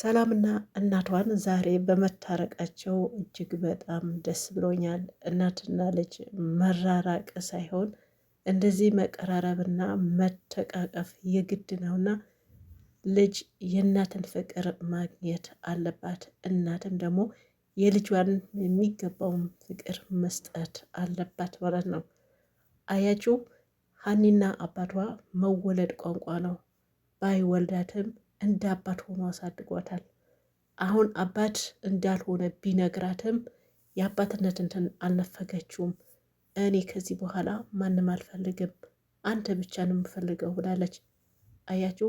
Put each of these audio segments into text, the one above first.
ሰላምና እናቷን ዛሬ በመታረቃቸው እጅግ በጣም ደስ ብሎኛል። እናትና ልጅ መራራቅ ሳይሆን እንደዚህ መቀራረብና መተቃቀፍ የግድ ነውና ልጅ የእናትን ፍቅር ማግኘት አለባት። እናትም ደግሞ የልጇን የሚገባውን ፍቅር መስጠት አለባት ማለት ነው። አያችሁ ሀኒና አባቷ መወለድ ቋንቋ ነው ባይወልዳትም እንደ አባት ሆኖ አሳድጓታል። አሁን አባት እንዳልሆነ ቢነግራትም የአባትነት እንትን አልነፈገችውም። እኔ ከዚህ በኋላ ማንም አልፈልግም፣ አንተ ብቻ ነው የምፈልገው ብላለች። አያችሁ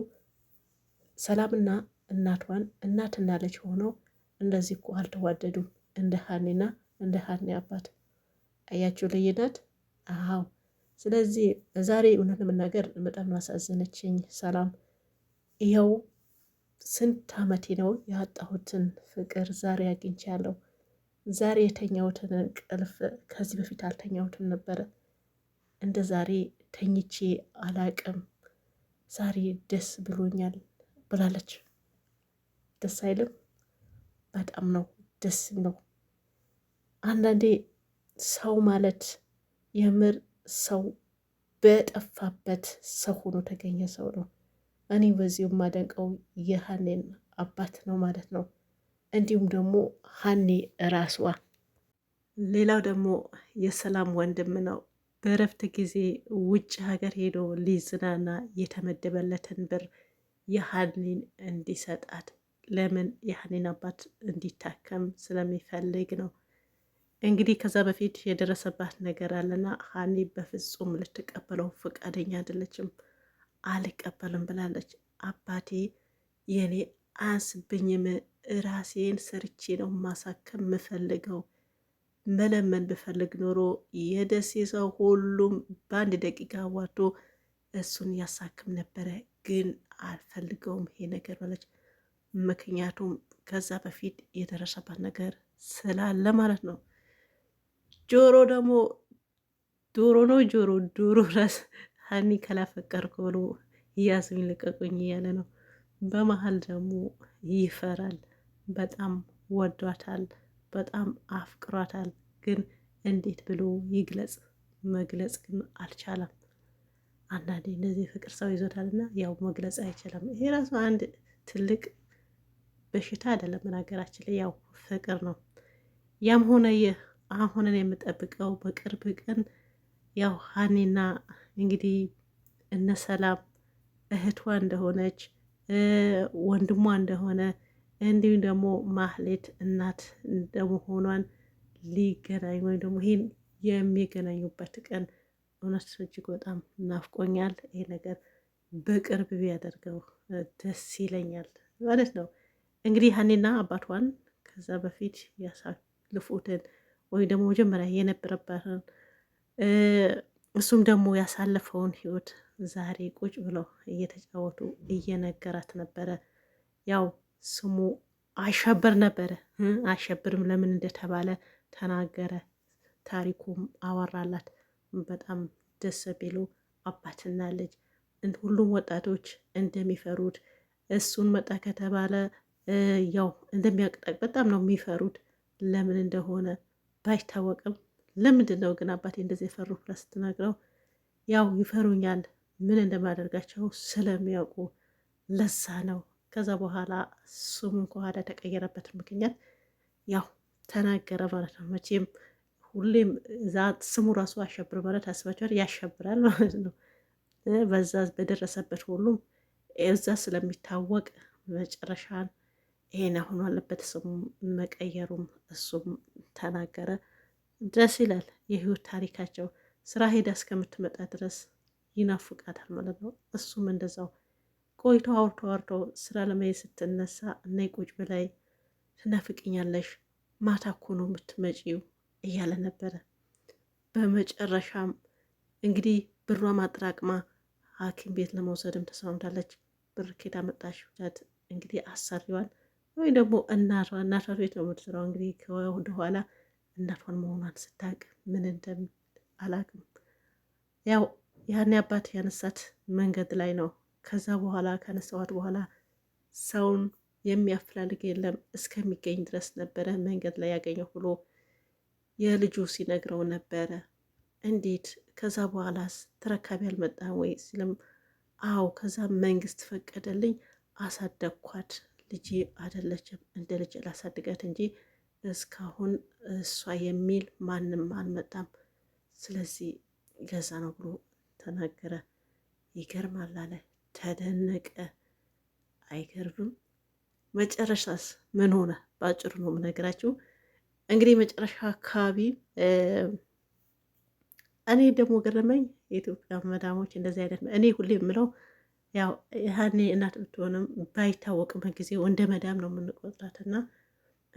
ሰላምና እናቷን እናትና ልጅ ሆነው እንደዚህ እኮ አልተዋደዱም፣ እንደ ሀኔና እንደ ሀኔ አባት አያችሁ ልዩነት። አዎ ስለዚህ ዛሬ እውነት ለመናገር በጣም አሳዘነችኝ ሰላም ይኸው ስንት ዓመቴ ነው ያጣሁትን ፍቅር ዛሬ አግኝቻለሁ። ዛሬ የተኛሁትን እንቅልፍ ከዚህ በፊት አልተኛሁትም ነበረ። እንደ ዛሬ ተኝቼ አላቅም። ዛሬ ደስ ብሎኛል ብላለች። ደስ አይልም? በጣም ነው ደስ ነው። አንዳንዴ ሰው ማለት የምር ሰው በጠፋበት ሰው ሆኖ ተገኘ ሰው ነው። እኔ በዚሁ የማደንቀው የሀኔን አባት ነው ማለት ነው። እንዲሁም ደግሞ ሀኔ እራሷ። ሌላው ደግሞ የሰላም ወንድም ነው። በእረፍት ጊዜ ውጭ ሀገር ሄዶ ሊዝናና የተመደበለትን ብር የሀኔን እንዲሰጣት ለምን የሀኔን አባት እንዲታከም ስለሚፈልግ ነው። እንግዲህ ከዛ በፊት የደረሰባት ነገር አለና ሀኔ በፍጹም ልትቀበለው ፈቃደኛ አይደለችም። አልቀበልም ብላለች። አባቴ የኔ አያንስብኝም፣ ራሴን ሰርቼ ነው ማሳከም ምፈልገው። መለመን ብፈልግ ኖሮ የደሴ ሰው ሁሉም በአንድ ደቂቃ ዋዶ እሱን ያሳክም ነበረ፣ ግን አልፈልገውም ይሄ ነገር ብላለች። ምክንያቱም ከዛ በፊት የደረሰባት ነገር ስላለ ማለት ነው። ጆሮ ደግሞ ዶሮ ነው ጆሮ ዶሮ ሀኒ ካላፈቀርኩ ብሎ ያስሚን ልቀቁኝ እያለ ነው። በመሀል ደግሞ ይፈራል። በጣም ወዷታል፣ በጣም አፍቅሯታል። ግን እንዴት ብሎ ይግለጽ? መግለጽ ግን አልቻለም። አንዳንዴ እንደዚህ ፍቅር ሰው ይዞታል እና ያው መግለጽ አይችልም። ይሄ ራሱ አንድ ትልቅ በሽታ አይደለም፣ በነገራችን ላይ ያው ፍቅር ነው። ያም ሆነ ይህ አሁንን የምጠብቀው በቅርብ ቀን ያው ሀኔና እንግዲህ እነ ሰላም እህቷ እንደሆነች ወንድሟ እንደሆነ እንዲሁም ደግሞ ማህሌት እናት እንደመሆኗን ሊገናኝ ወይም ደግሞ ይህን የሚገናኙበት ቀን እውነት እጅግ በጣም ናፍቆኛል። ይሄ ነገር በቅርብ ቢያደርገው ደስ ይለኛል ማለት ነው። እንግዲህ ሀኔና አባቷን ከዛ በፊት ያሳልፉትን ወይም ደግሞ መጀመሪያ የነበረባትን እሱም ደግሞ ያሳለፈውን ህይወት ዛሬ ቁጭ ብለው እየተጫወቱ እየነገራት ነበረ። ያው ስሙ አሸብር ነበረ። አሸብርም ለምን እንደተባለ ተናገረ። ታሪኩም አወራላት። በጣም ደስ ቢሉ አባትና ልጅ ሁሉም ወጣቶች እንደሚፈሩት እሱን መጣ ከተባለ ያው እንደሚያቅጠቅ በጣም ነው የሚፈሩት። ለምን እንደሆነ ባይታወቅም ለምንድን ነው ግን አባቴ እንደዚህ የፈሩ ብላ ስትነግረው ያው ይፈሩኛል፣ ምን እንደማደርጋቸው ስለሚያውቁ ለዛ ነው። ከዛ በኋላ ስሙ ከኋላ የተቀየረበት ምክንያት ያው ተናገረ ማለት ነው። መቼም ሁሌም እዛ ስሙ ራሱ አሸብር ማለት አስባቸዋል፣ ያሸብራል ማለት ነው። በዛ በደረሰበት ሁሉም እዛ ስለሚታወቅ መጨረሻን ይሄን አሁን አለበት ስሙ መቀየሩም እሱም ተናገረ። ደስ ይላል የህይወት ታሪካቸው። ስራ ሄዳ እስከምትመጣ ድረስ ይናፍቃታል ማለት ነው። እሱም እንደዛው ቆይቶ አውርቶ አውርቶ ስራ ለመሄድ ስትነሳ እና ቁጭ በላይ ትነፍቅኛለሽ ማታ እኮ ነው የምትመጪው እያለ ነበረ። በመጨረሻም እንግዲህ ብሯ ማጠራቅማ ሐኪም ቤት ለመውሰድም ተስማምታለች። ብር ኬዳ መጣሽ ብላት እንግዲህ አሰሪዋን ወይ ደግሞ እናቷ እናቷ ቤት ነው የምትሰራው እንግዲህ ከወደኋላ እናቷን መሆኗን ስታቅ ምን እንደም አላቅም። ያው ያኔ አባት ያነሳት መንገድ ላይ ነው። ከዛ በኋላ ከነሳዋት በኋላ ሰውን የሚያፈላልግ የለም እስከሚገኝ ድረስ ነበረ መንገድ ላይ ያገኘው ብሎ የልጁ ሲነግረው ነበረ። እንዴት ከዛ በኋላስ ተረካቢ አልመጣም ወይ ሲልም፣ አዎ ከዛ መንግስት ፈቀደልኝ፣ አሳደግኳት። ልጄ አይደለችም እንደ ልጅ ላሳድጋት እንጂ እስካሁን እሷ የሚል ማንም አልመጣም። ስለዚህ ገዛ ነው ብሎ ተናገረ። ይገርማል አለ፣ ተደነቀ። አይገርምም? መጨረሻስ ምን ሆነ? በአጭሩ ነው የምነግራችሁ። እንግዲህ መጨረሻ አካባቢ እኔ ደግሞ ገረመኝ። የኢትዮጵያ መዳሞች እንደዚህ አይነት እኔ ሁሌ የምለው ያው ያኔ እናት ብትሆንም ባይታወቅም ጊዜው እንደ መዳም ነው የምንቆጥራት እና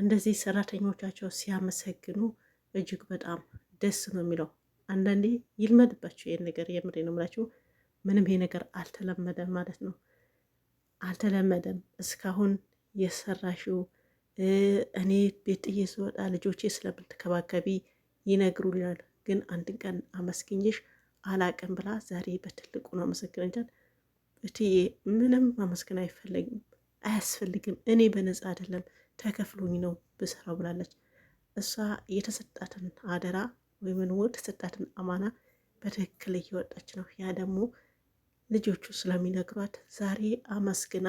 እንደዚህ ሰራተኞቻቸው ሲያመሰግኑ እጅግ በጣም ደስ ነው የሚለው። አንዳንዴ ይልመድባቸው ይህን ነገር የምሬ ነው የምላችሁ። ምንም ይሄ ነገር አልተለመደም ማለት ነው፣ አልተለመደም። እስካሁን የሰራሽው እኔ ቤት ጥዬ ስወጣ ልጆቼ ስለምትከባከቢ ይነግሩኛል፣ ግን አንድ ቀን አመስግኝሽ አላቅም ብላ ዛሬ በትልቁ ነው አመሰግነኛል። እትዬ ምንም ማመስገን አይፈለግም፣ አያስፈልግም። እኔ በነፃ አይደለም ተከፍሎኝ ነው ብሰራው ብላለች። እሷ የተሰጣትን አደራ ወይም የተሰጣትን አማና በትክክል እየወጣች ነው። ያ ደግሞ ልጆቹ ስለሚነግሯት ዛሬ አመስግና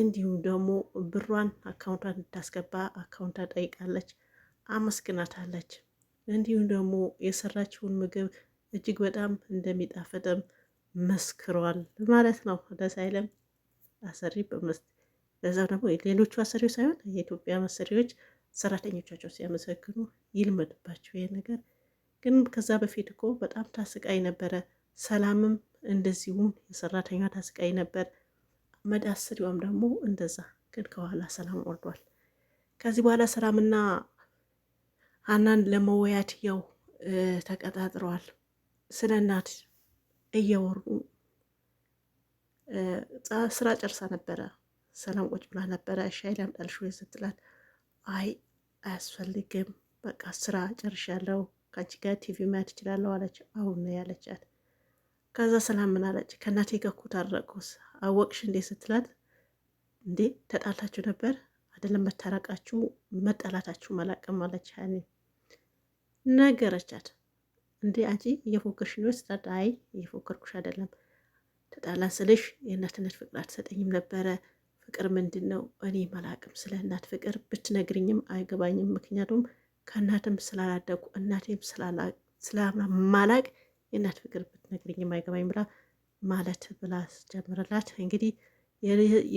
እንዲሁም ደግሞ ብሯን አካውንቷን እንድታስገባ አካውንቷ ጠይቃለች፣ አመስግናታለች። እንዲሁም ደግሞ የሰራችውን ምግብ እጅግ በጣም እንደሚጣፍጥም መስክሯል ማለት ነው። ደስ አይለም አሰሪ በመስ ለዛ ደግሞ ሌሎቹ አሰሪዎች ሳይሆን የኢትዮጵያ መሰሪዎች ሰራተኞቻቸው ሲያመሰግኑ ይልመድባቸው ይሄ ነገር። ግን ከዛ በፊት እኮ በጣም ታስቃይ ነበረ። ሰላምም እንደዚሁም የሰራተኛ ታስቃይ ነበር። መድ አሰሪዋም ደግሞ እንደዛ። ግን ከኋላ ሰላም ወርዷል። ከዚህ በኋላ ሰላምና ሀናን ለመወያት ያው ተቀጣጥረዋል። ስለ እናት እየወሩ ስራ ጨርሳ ነበረ። ሰላም ቁጭ ብላ ነበረ። ሻይ ላምጣልሽ ወይ ስትላት አይ አያስፈልግም፣ በቃ ስራ ጨርሻለሁ፣ ከአንቺ ጋር ቲቪ ማየት እችላለሁ አለች። አሁን ያለቻት። ከዛ ሰላም ምን አለች? ከእናቴ ጋር እኮ ታረቁስ አወቅሽ እንዴ ስትላት እንዴ ተጣልታችሁ ነበር አይደለም መታረቃችሁ መጠላታችሁ መላቅም አለች። ያኔ ነገረቻት። እንዴ አንቺ እየፎከርሽ ነው ስትላት አይ እየፎከርኩሽ አይደለም ተጣላን ስልሽ የእናትነት ፍቅር አትሰጠኝም ነበረ ፍቅር ምንድን ነው? እኔ መላቅም ስለ እናት ፍቅር ብትነግርኝም አይገባኝም። ምክንያቱም ከእናትም ስላላደጉ እናቴም ስለማላቅ የእናት ፍቅር ብትነግርኝም አይገባኝ ብላ ማለት ብላ ስጀምርላት እንግዲህ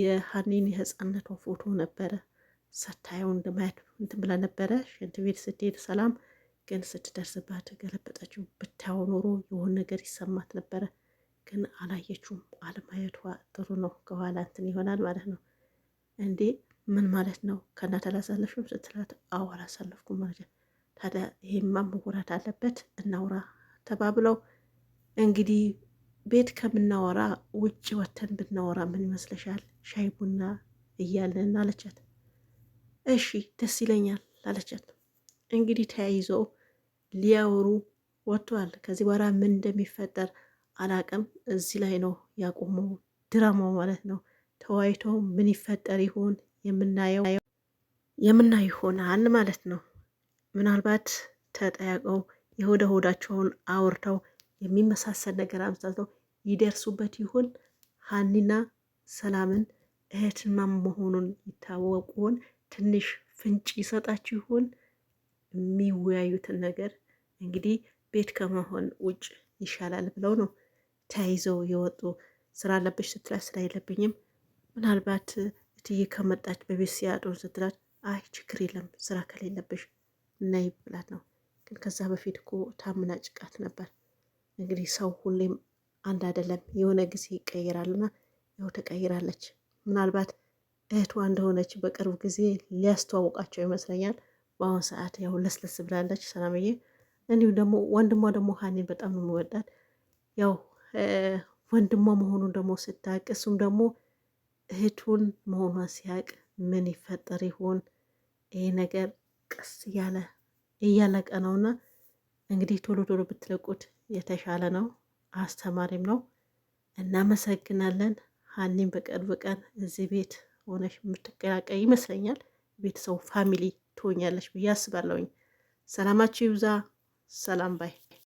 የሀኒን የህፃነቷ ፎቶ ነበረ ሳታየው እንደማየት እንትን ብላ ነበረ። ሽንት ቤት ስትሄድ ሰላም ግን ስትደርስባት ገለበጠችው። ብታየው ኖሮ የሆነ ነገር ይሰማት ነበረ። ግን አላየችውም። አለማየቷ ጥሩ ነው። ከኋላ እንትን ይሆናል ማለት ነው። እንዴ ምን ማለት ነው? ከእናት አላሳለፍሽም ስትላት፣ አዎ አላሳለፍኩም ማለት ነው። ታዲያ ይሄማ መውራት አለበት፣ እናውራ ተባብለው እንግዲህ ቤት ከምናወራ ውጭ ወተን ብናወራ ምን ይመስለሻል? ሻይ ቡና እያለን አለቻት። እሺ ደስ ይለኛል አለቻት። እንግዲህ ተያይዘው ሊያወሩ ወጥተዋል። ከዚህ በኋላ ምን እንደሚፈጠር አላቅም። እዚህ ላይ ነው ያቆመው ድራማው ማለት ነው። ተወያይተው ምን ይፈጠር ይሆን የምናየው የምናየው ይሆናል ማለት ነው። ምናልባት ተጠያቀው የሆደ ሆዳቸውን አውርተው የሚመሳሰል ነገር አምሳተው ይደርሱበት ይሆን ሀኒና ሰላምን እህትማ መሆኑን ይታወቁን ትንሽ ፍንጭ ይሰጣችሁ ይሆን? የሚወያዩትን ነገር እንግዲህ ቤት ከመሆን ውጭ ይሻላል ብለው ነው ተያይዘው የወጡ ስራ አለብሽ ስትላት ስራ የለብኝም ምናልባት እትዬ ከመጣች በቤት ሲያጡን ስትላት አይ ችግር የለም ስራ ከሌለብሽ ነይ ብላት ነው። ግን ከዛ በፊት እኮ ታምና ጭቃት ነበር። እንግዲህ ሰው ሁሌም አንድ አይደለም፣ የሆነ ጊዜ ይቀይራልና ያው ተቀይራለች። ምናልባት እህቷ እንደሆነች በቅርብ ጊዜ ሊያስተዋውቃቸው ይመስለኛል። በአሁኑ ሰዓት ያው ለስለስ ብላለች ሰላምዬ። እንዲሁም ደግሞ ወንድሟ ደግሞ ሀኒን በጣም ነው የሚወዳት ያው ወንድሟ መሆኑን ደግሞ ስታቅ እሱም ደግሞ እህቱን መሆኗን ሲያቅ ምን ይፈጠር ይሆን? ይሄ ነገር ቀስ እያለ እያለቀ እና እንግዲህ ቶሎ ቶሎ ብትለቁት የተሻለ ነው፣ አስተማሪም ነው። እናመሰግናለን። ሀኒም በቅርብ ቀን እዚህ ቤት ሆነሽ የምትቀላቀይ ይመስለኛል። ቤተሰቡ ፋሚሊ ትሆኛለሽ ብዬ አስባለሁኝ። ሰላማችሁ ይብዛ። ሰላም ባይ